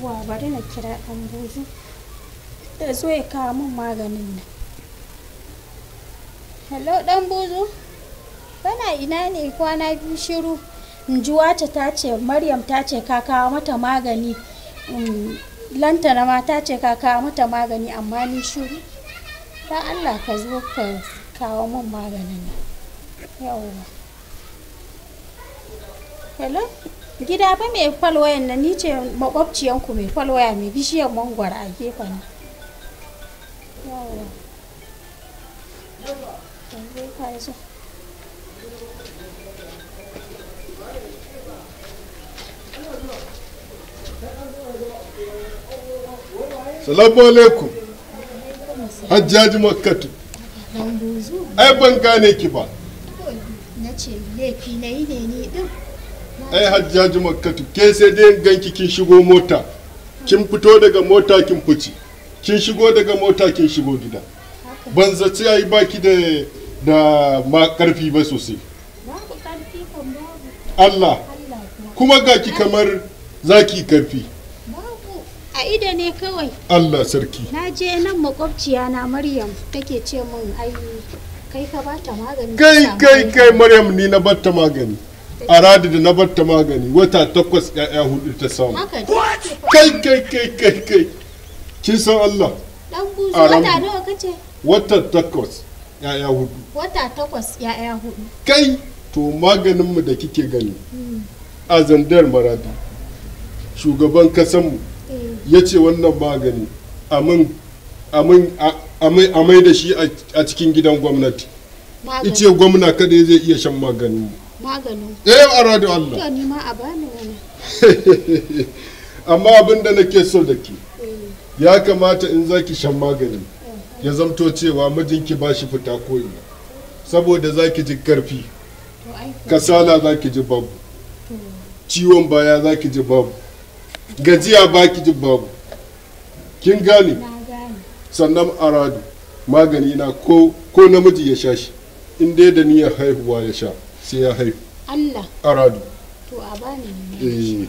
yawwa bari na kira ɗan buzu ya zo ya kawo min maganin nan hello ɗan buzu bana ina ne kwana biyu shiru in ji wata ta ce maryam ta ce ka kawo mata magani lantana ma ta ce ka kawo mata magani amma ni shiru ta allah ka zo ka kawo min maganin nan yawwa hello gida ba mai falwayan na ni ce makwabciyanku mai falwaya mai bishiyar mangwara a gefen salamu alaikum hajjaji makkatu ai ban gane ki ba na ce laifi na yi ne ni ai hajjaji makkatu ke sai dai ganki kin shigo mota kin fito daga mota kin fice kin shigo daga mota kin shigo gida ban zaci ai baki da da ma karfi ba sosai Allah kuma ga ki kamar zaki karfi a ida ne kawai Allah sarki na je nan makwabciya na Maryam take ce mun ai kai ka bata magani kai kai kai Maryam ni na bata magani a radi da na barta magani wata takwas ya'ya hudu ta samu kai kai kai kai kai kin san Allah a ramu wata takwas ya'ya hudu wata takwas ƴaƴa hudu kai to maganinmu da kike gani hmm. a zandar maradi shugaban kasanmu eh. ya ce wannan magani amai da shi a cikin gidan gwamnati ice gwamna kada zai iya shan maganinmu amma abin da nake so da ke ya kamata in zaki shan magani ya zamto cewa mijinki ba shi fita koyi saboda zaki ji karfi kasala zaki ji babu ciwon baya zaki ji babu gajiya baki ji babu kin gane sannan aradu magani na ko namiji ya sha shi in dai da niyyar haihuwa ya sha sai ya haihu Allah aradu to a bani eh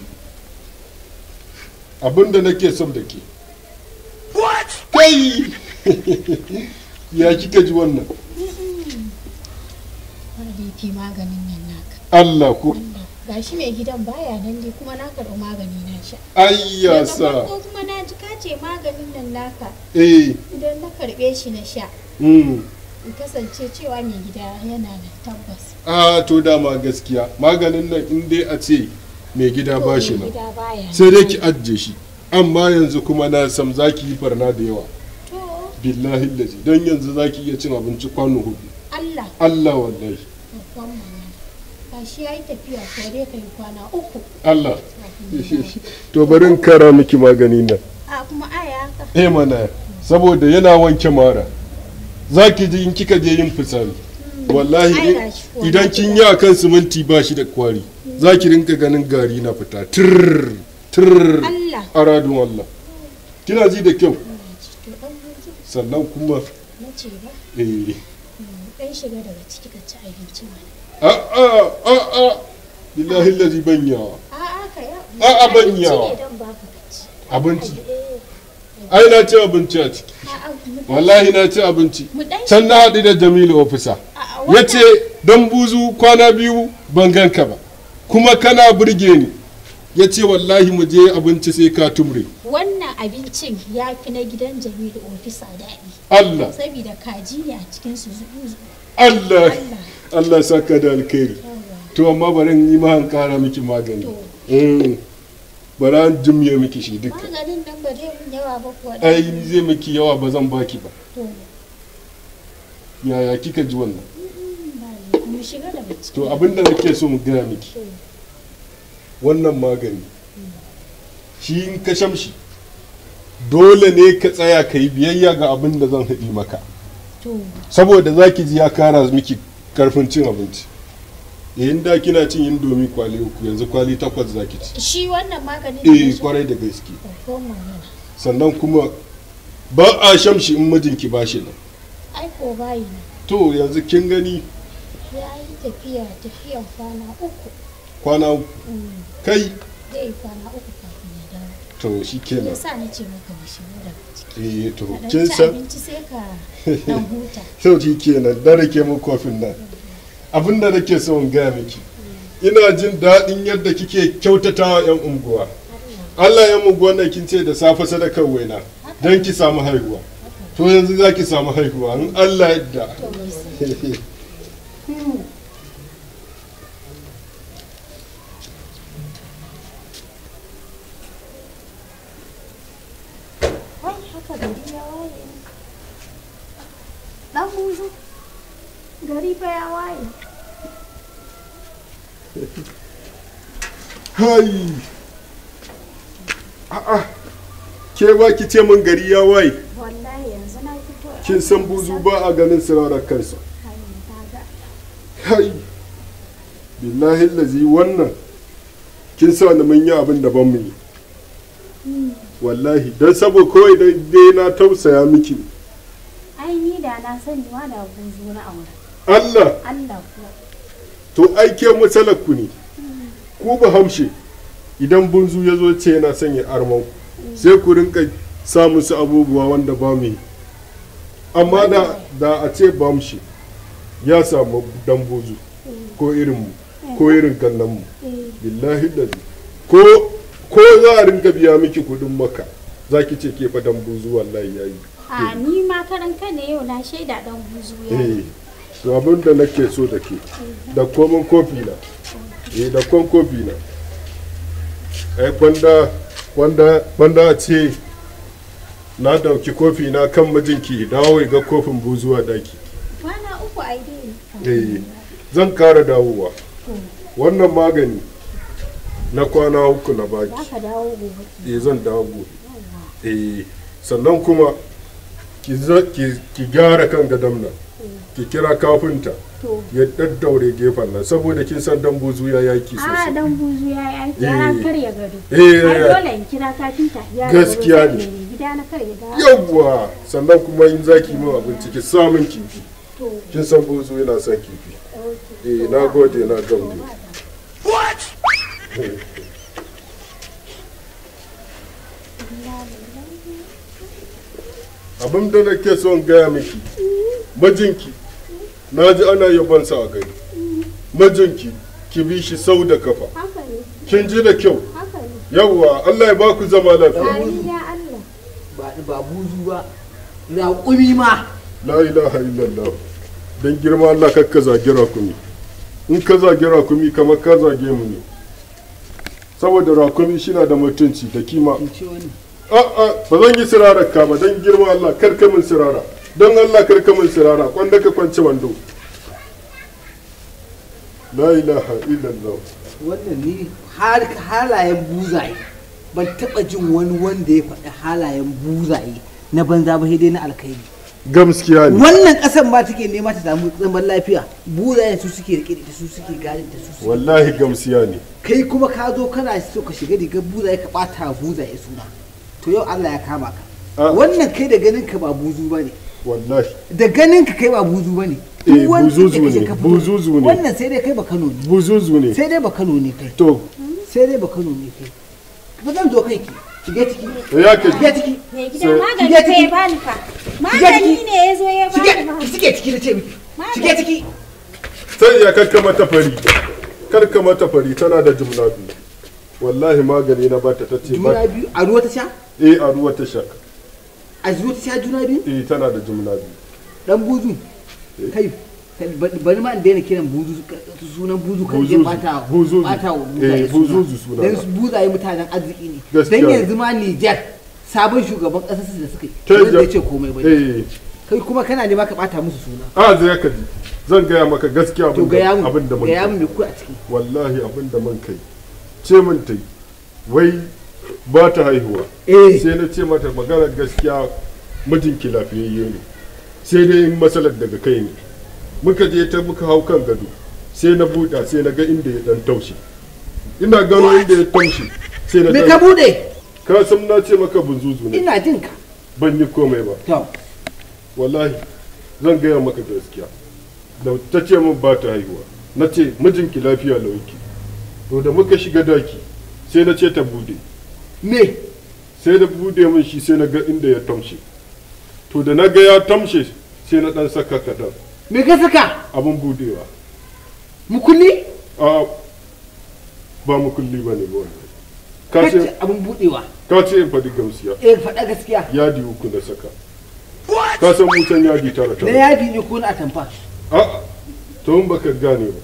abinda nake son da ke what kai ya kika ji wannan wanda yake maganin nan naka Allah ko ga shi mai gidan baya nan dai kuma na karɓi magani na sha ayya sa ko kuma na ji kace maganin nan naka eh idan na karɓe shi na sha mm. kasance cewa mai gida yana da tabbas a to dama gaskiya maganin nan in dai a ce mai gida ba shi nan sai dai ki ajiye shi amma yanzu kuma na sam za ki yi farna da yawa billahi lazi don yanzu za ki iya cin abinci kwano hudu allah allah wallahi shi ya yi tafiya ko ka yi kwana uku allah to bari in kara miki magani nan a kuma aya haka eh mana saboda yana wanke mara za ki ji in kika je yin fitsari hmm. wallahi idan kin yi a kan siminti ba shi da kwari hmm. za ki rinka ganin gari na fita tir tir a radun Allah kina ji da kyau hmm. sannan kuma eh shiga daga ciki ka ci abinci a a lillahi lazi banyawa a a banyawa abinci eh. ai na ce abinci a ciki wallahi na ci abinci can na haɗu da jamilu ofisa ya ce don buzu kwana biyu ban ganka ba kuma kana burge ni ya ce wallahi mu je abinci sai ka tumre wannan abincin ya fi na gidan jamilu ofisa daɗi allah saboda kaji ne a cikin su allah allah saka da alkhairi to amma bari yi ma an kara miki magani mm. bara jim ya miki shi dukkan maganin nan ba zai yawa ba ai zai miki yawa ba zan baki ba yaya kika ji wannan to abinda nake so mu gina miki wannan magani mm. shi in ka shamshi dole ne ka tsaya ka yi biyayya ga abin da zan haɗi maka saboda za ki ji ya kara miki karfin cin abinci in da kina cin yin domi kwali uku yanzu kwali takwas za ki ci shi wannan magani eh kwarai da gaske sannan kuma ba a shamshi in mijinki ba shi nan ai ko bayi nan to yanzu kin gani ya yi tafiya tafiya kwana uku kwana uku mm. kai dai kwana uku kafin ya dawo to shi kenan yasa ni ce maka ba shi da eh to kin san abinci sai ka dan huta to shi kenan dare ke mu kofin nan mm. abin da nake so in gaya miki ina jin daɗin yadda kike kyautatawa wa 'yan unguwa allah ya unguwa na kin ce da safe sadakar waina don ki samu haihuwa to yanzu za ki samu haihuwa in allah yadda hai a'a ke ba ki ce min gari ya wai? wallahi yanzu na fito kin san buzu ba a ganin sirarar kansa hai billahi lazi wannan kin sa ni mun yi abin da ban mu yi hmm. wallahi dan sabo kawai dai na tausaya miki ai ni da na sani wa da buzu na aure Allah Allah kuwa to aike matsalar ku ne ku ba hamshe idan bunzu ya zo ce yana sanya ya sai ku rinka sa su abubuwa wanda ba mu yi amma da a ce ba hamshe ya samu dan buzu ko irin mu ko irin kallon mu billahi da ko ko za a rinka biya miki kudin maka za ki ce ke fa dan buzu wallahi yayi a ni ma karan ne yau na shaida dan buzu yayi eh. to abin da nake so da ke da komin kofi na eh da kon kofi na ai kwanda kwanda kwanda ce na dauki kofi na kan mijinki dawo ga kofin buzuwa daki kwana uku a eh zan kara dawowa wannan magani na kwana uku na baki eh, zan dawo gobe eh sannan kuma ki zo ki gyara kan gadon nan ki kira kafinta ya daddaure gefen nan saboda kin san dan buzu ya yaki ah, sosai a dan buzu ya yaki ya eh. karya gado eh dole in kira kafinta ya gaskiya ne gida na karya gado yawwa sannan kuma in zaki min abinci ki samun kifi kin san buzu yana son kifi eh na na gode what eh. abin da na ke son gaya miki majinki na ji ana yabansa a gari majinki ki bi shi sau da kafa kin ji da kyau yawwa allah ya baku zama lafiya ba buzu ba raƙumi ma la ilaha illallah don girma allah kakka zagi rakumi in ka zagi rakumi kamar ka zage mu ne saboda rakumi shi na da mutunci da kima a'a ba zan yi sirara ka ba don girma Allah karka min sirara don Allah karka min sirara kwanda ka kwanci wando la ilaha illallah wannan ni har halayen buzaye ban taba jin wani wanda ya faɗi halayen buzaye na banza ba dai na alkhairi gamskiya ne wannan kasan ba take nema ta samu zaman lafiya buzaye su suke rike da su suke gadin da su wallahi gamskiya ne kai kuma ka zo kana so ka shiga diga buzaye ka bata buzaye suna to yau Allah ya kama ka ah. wannan kai da ganin ka ba buzu bane wallahi da ganin ka kai ba buzu bane eh, buzuzu ne buzuzu ne wannan sai dai kai ba Kano ne buzuzu ne sai dai ba Kano ne kai to sai dai ba Kano ne kai ba zan zo kai ki shige ciki ya ke shige ciki gidan magani ne ya bani fa magani ne ya zo ya bani shige ciki na ce miki shige ciki sai ya karkama ta fari karkama ta fari tana da jumla biyu wallahi magani na bata ta ce juna biyu a ruwa ta sha eh a ruwa ta sha a ruwa ta sha juna biyu eh tana da juna biyu dan buzu eh. kai bari ma daina kiran buzu sunan buzu kan zai bata bata eh, buzu suna dan buzaye mutanen arziki ne dan yanzu ma Niger sabon shugaban kasar da suka yi da ce komai ba eh. kai kuma kana ne ma ka bata musu suna a ah, zai ka ji zan gaya maka gaskiya abin da mun kai wallahi abin da mun kai ce min ta wai ba ta haihuwa eh. sai na ce mata magana gaskiya mijinki lafiyayye ne sai dai in matsalar daga kai ne muka je ta muka hau kan gado sai na buɗa sai na ga inda ya dan taushe ina gano inda ya taushe sai na ka bude ka san na ce maka bunzuzu ne ina jin ka ban yi komai ba to wallahi zan gaya maka gaskiya da ta ce min ba ta haihuwa na ce mijinki lafiya lauki to da muka shiga daki sai na ce ta bude ne sai da bude mun shi sai na ga inda ya tamshe to da na ga ya tamshe sai na dan saka kadan me ka saka abin budewa mukulli a ba mukulli ba ne ba ka ce abin budewa ka ce in faɗi gamsiya eh faɗa gaskiya di uku da saka ka san mutan di tara tara na di ne ko na tamfa a'a to mun baka gane ba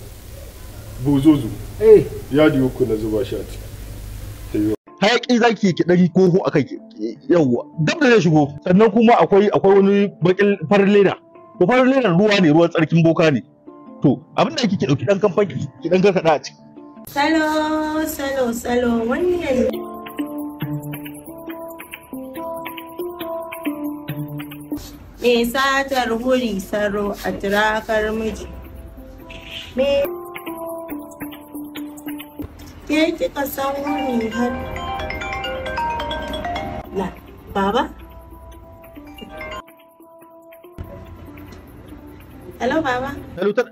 buzuzu Eh. yadi uku na zuba shi a ciki hayaƙi zaki ki ɗan koho a kai yawwa dab da zai shigo sannan kuma akwai akwai wani bakin farin leda to farin leda ruwa ne ruwan tsarkin boka ne to abin da kike ɗauki ɗan kamfan ki ɗan karkaɗa a ciki salo salo salo wannan Me satar huri saro a turakar miji. Me ke kika samo rigar na baba hello baba hello ta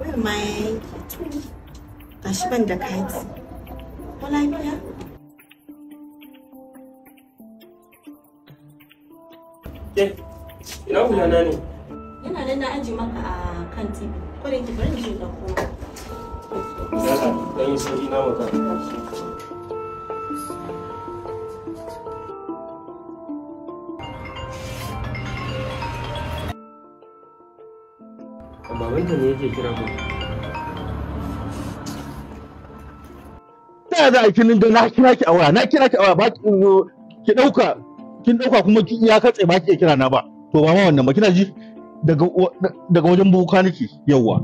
wai ma yanki gashi ban da kati ko ina hulana ne yana nan na aji maka a kan tv ko ki bari da kuma. Dan yi sauri za a kinin da na kira ki a waya, na kira ki a waya ba ki ɗauka, kin ɗauka kuma ki iya katse ba ki kira na ba. To ba ma wannan ba kina ji daga wajen boka nake yauwa.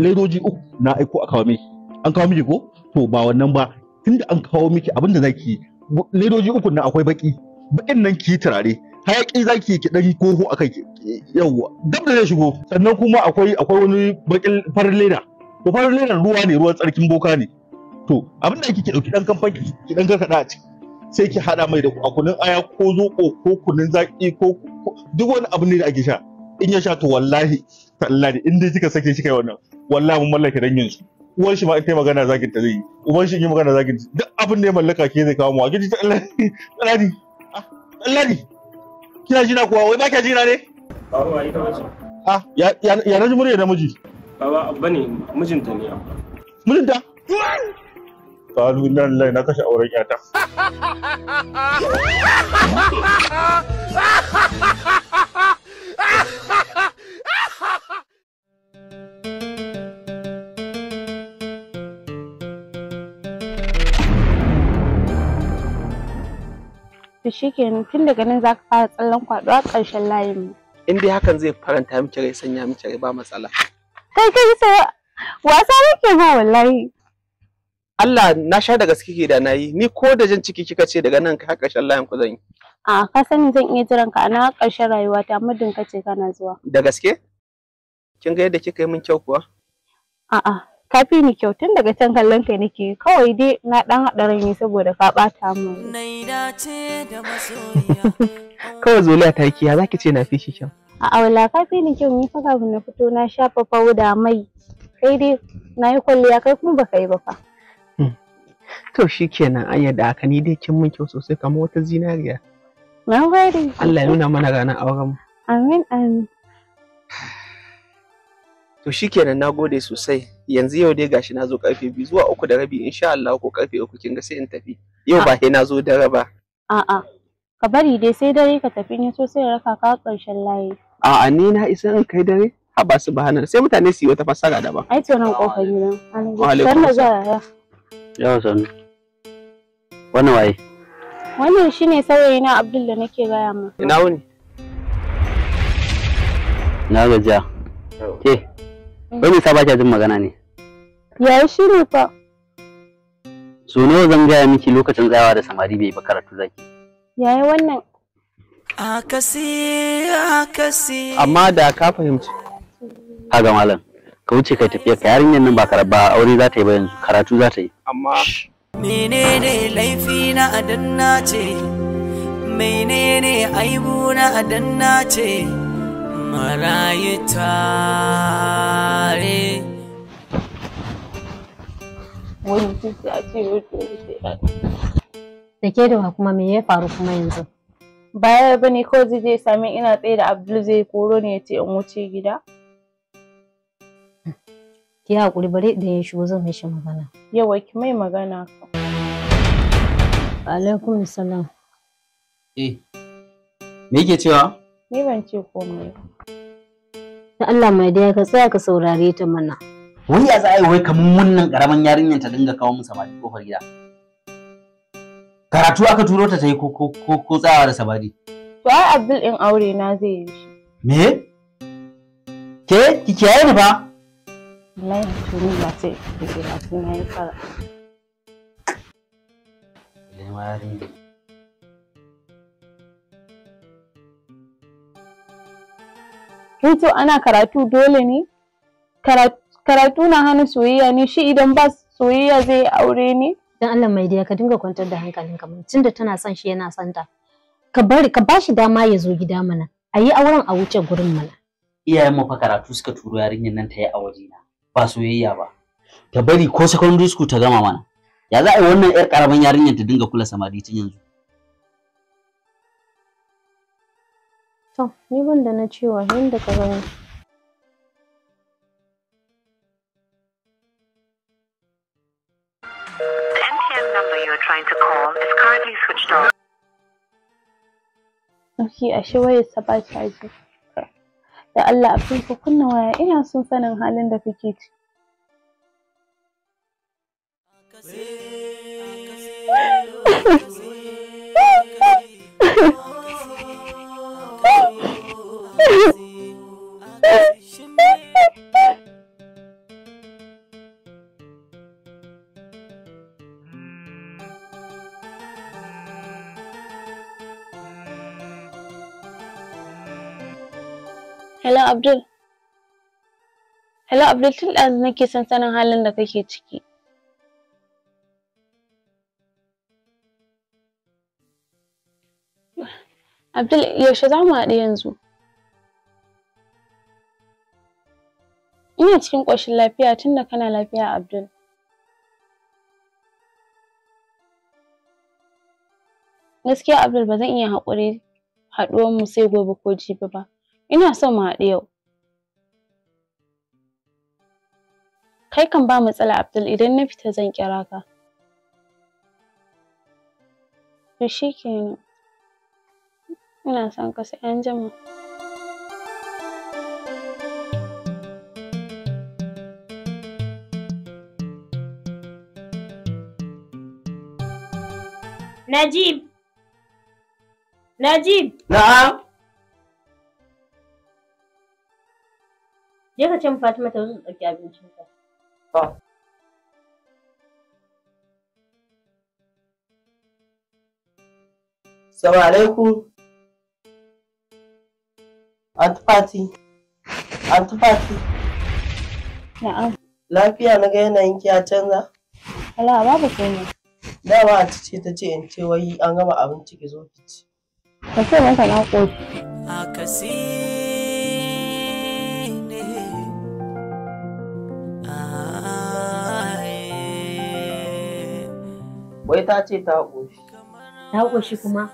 ledoji uku na aiko a kawo miki an kawo miki ko to ba wannan ba tunda an kawo miki abin da zaki ledoji uku na akwai baki bakin nan ki turare hayaki zaki ki dan koko akai yawwa dab da zai shigo sannan kuma akwai akwai wani bakin farin leda to farin leda ruwa ne ruwan tsarkin boka ne to abin da kike dauki dan kamfan ki dan karkada a ciki sai ki hada mai da akunin aya ko zoko ko kunun zaki ko duk wani abu ne da ake sha in ya sha to wallahi tallahi in dai kika sake shi kai wannan wallahi mun mallake dangin su uwar shi ma in kai magana zakin ta zai yi shi in yi magana zakin duk abin da ya mallaka ke zai kawo mu a gidi tallahi tallahi tallahi kina jina kuwa wai ba kya jina ne ba ita bace ah ya ya naji murya da miji baba abba ne mijinta ne abba mijinta na lallai na kashe auren 'yata. shikenan tun daga nan za ka fara tsallan kwado a ƙarshen layin mu in dai hakan zai faranta miki rai sanya miki rai ba matsala kai kai sai wasa nake ba wallahi Allah na sha da gaske ke da nayi ni ko da jan ciki kika ce daga nan ka ƙarshen layin ku zan yi a ka sani zan iya jiran ka na ƙarshen rayuwata muddin kace kana zuwa da gaske kin ga yadda kika yi min kyau kuwa a'a ka fi ni kyau tun daga can kallon kai nake kawai dai na dan haɗa rai ne saboda ka bata min kawai zoliya ta kiya zaki ce na fi shi kyau a aula ka fi ni kyau ni fa kafin na fito na shafa fauda mai kai dai na yi kwalliya kai kuma baka yi ba fa hmm. to shikenan an yadda aka ni dai kin min kyau sosai kamar wata zinariya na gode Allah ya nuna mana ranar auren mu amin amin To shikenan na gode sosai. Yanzu yau dai gashi na zo karfe biyu zuwa uku da rabi insha Allah ko karfe uku kin ga sai in tafi. Yau ba sai ah. na zo dare ba. A'a. Ka bari dai sai dare ka tafi ni so sai raka ka karshen layi. A'a ni na isa in kai dare. Ha ba su bahana sai mutane su yi wata fassara daban. Ai to nan kofar gidan. Alaikum salam. Yawa sanu. Wannan waye? Wannan shine saurayi na Abdul da nake gaya ma. Ina wuni? Na gaja. Ke, Wai me sa ba jin magana ne? yi shi ne fa. So nawa zan gaya miki lokacin tsayawa da samari bai ba karatu zaki. Yayi wannan. Akasi akasi. Amma da ka fahimci. Haga malam. Ka wuce kai tafiya ka yarinyar nan ba karaba aure za ta yi ba yanzu karatu za ta yi. Amma. Menene laifi na adanna ce? Menene aibu na adanna ce? marayu tare da ke da kuma me ya faru kuma yanzu baya ba ne kawai zai je sami ina tsaye da abdul zai koro ne ya ce in wuce gida ki hakuri bari idan ya shigo zan mishi magana yawa ki mai magana alaikum salam eh me yake cewa Ni ban ce komai ba. Ta Allah mai daya ka tsaya ka saurare ta mana. Wani ya za wai kamar wannan karaman yarinyar ta dinga kawo mu samari kofar gida. Karatu aka turo ta ta yi ko tsawa da samari. To ai Abdul in aure na zai yi shi. Me? Ke ki kiyaye ni fa. Wallahi tuni ba sai ke kira na yi fara. hito ana karatu dole ne karatu na hana soyayya ne shi idan ba soyayya zai aure ne Don Allah mai ya ka dinga kwantar da hankalin ka tun tunda tana son shi yana son ta ka bari ka bashi dama ya zo gida mana a yi auren a wuce gurin mana iyayen mu karatu suka turo yarinyar nan ta yi a na ba soyayya ba ta bari ko secondary school ta gama mana ya za a yi wannan yar karamin yarinyar ta dinga kula samari tun yanzu To, ni ban da na cewa yanda ka gani. number you trying to call is currently switched off. Okay, ashe wayar sa ba caji. Da Allah a ku kunna waya ina son sanin halin da kake ci. Hello Abdul. Hello Abdul tun da nake son sanin halin da kake ciki. Abdul yaushe za mu haɗu yanzu? Ina cikin ƙoshin lafiya tun da kana lafiya Abdul. Gaskiya Abdul ba zan iya haƙuri haɗuwar mu sai gobe ko jibi ba. Ina son mu haɗu yau. Kai kan ba matsala Abdul idan na fita zan kira ka. To shi Ina son ka sai an jima. Najib! Najib! Na'am! Je ka ce Fatima ta zo ta ɗauki abincin ka. Salamu alaikum. Antipati. Antipati. Na'am. Lafiya na ga yanayin ki ya canza? Ala babu komai. ba a ce ta ce in ce wai an gama abinci ki zo ki ci. Ka ce maka na ƙoshi. Akasi. Wai ta ce ta ƙoshi. Ta ƙoshi kuma?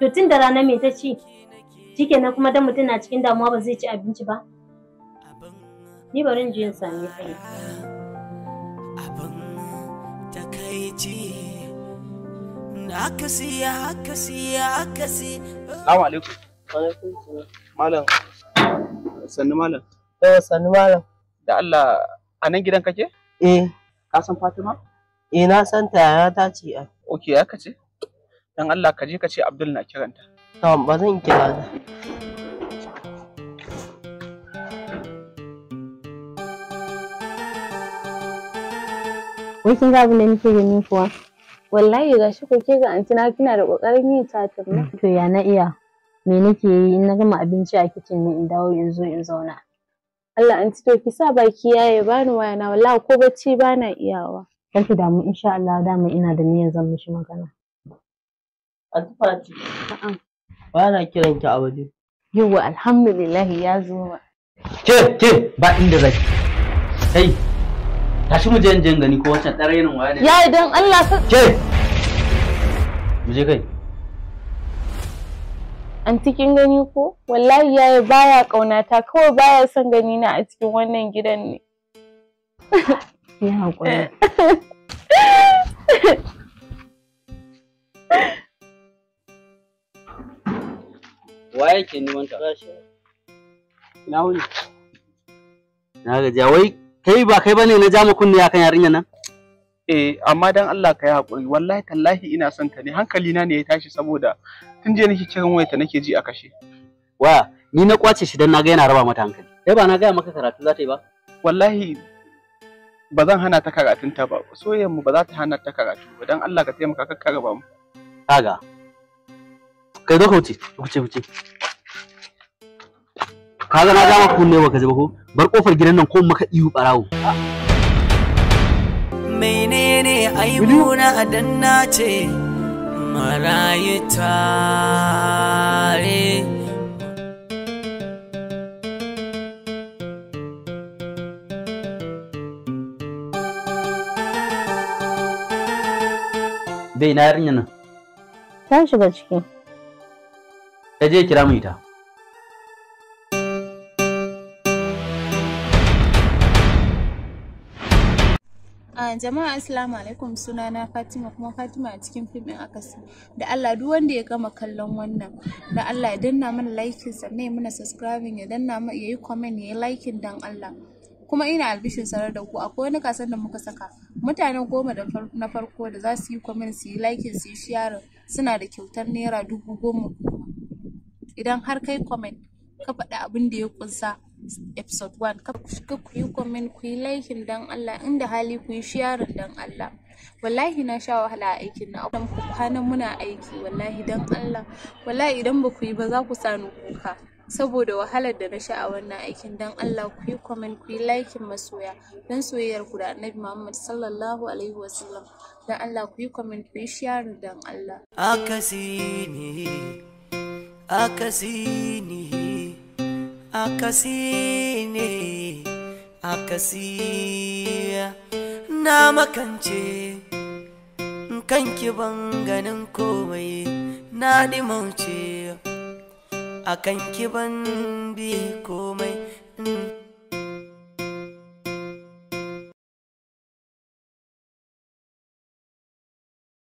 To tun da rana mai ta ci? Shike na kuma dan mutum na cikin damuwa ba zai ci abinci ba? Ni bari in sami kai. Abin ta. kai takaici na ka siya, ka siya, ka Salamu alaikum. Alaikum Malam. Sannu malam. Eh sannu malam. Da Allah a nan gidan kake? Eh. Ka san Fatima? Eh na san ta yaya ta ce Ok ya kace? Dan Allah ka je ka ce Abdul na kiranta. To ba zan kira ba. Wai kin ga abin da nake gani kuwa? Wallahi shi ko ke ga antina kina da kokarin yin tatin nan. To ya na iya. Me nake yi in na gama abinci a kitchen ne in dawo in zo in zauna. Allah an to ki sa baki yaye bani wayana wallahi ko bacci bana iyawa. Kar ki damu insha Allah dama ina da niyyar zan mishi magana. Atufati. Ba na kiran ki a waje. Yawwa alhamdulillah ya zo. Ke ke ba inda zaki. Kai tashi mu je in gani ko wancan ɗan rainin waye ne. Ya idan Allah ka. Ke mu je kai. an cikin gani ko wallahi yaya baya ƙaunata kawai baya son gani na a cikin wannan gidan ne Ya haƙuri. Eh. Wa yake neman ta? wuni. Na wai kai ba kai bane na jama kunne kan yarinya nan? Eh amma dan Allah ka hakuri wallahi tallahi ina son ta ne hankali na ne ya tashi saboda tun je nake kiran wayarta nake ji a kashe. Wa ni na kwace shi dan na ga yana raba mata hankali. eh ba na gaya maka karatu za ta yi ba? Wallahi ba zan hana ta karatun ta ba soyayyar mu ba za ta hana ta karatu ba dan Allah ka taimaka ka karaba mu kaga kai zo ka wuce wuce wuce kaga na ga maka kunne baka ji ba ko bar kofar gidan nan ko maka iyu barawo menene aibuna adanna ce marayita tare bai na yarinya nan ta shiga ciki ka je kira mu ita jama'a assalamu alaikum na fatima kuma fatima a cikin fim din akasi da allah duk wanda ya gama kallon wannan da allah ya danna mana likin sannan ya mana subscribing ya danna ya yi comment ya yi likin dan allah kuma ina albishin sanar da ku akwai wani kasan da muka saka mutane goma na farko da za su yi kwamin su yi laikin su yi sharing suna da kyautar naira dubu goma idan har kai kwamin ka faɗi abin da ya kunsa episode 1 ka ku yi kwamin ku yi laikin dan Allah inda hali ku yi sharing dan Allah wallahi na sha wahala a aikin na kwanan muna aiki wallahi dan Allah wallahi idan ba ku yi ba za ku sani kuka saboda wahalar da na sha a wannan aikin don Allah ku yi comment ku yi laikin masoya don soyayyar ku da Annabi Muhammad sallallahu alaihi wasallam don Allah ku yi comment ku yi sharing don Allah akasini akasini akasini akasiya na makance kanki ban ganin komai na dimauce akan kiban bi komai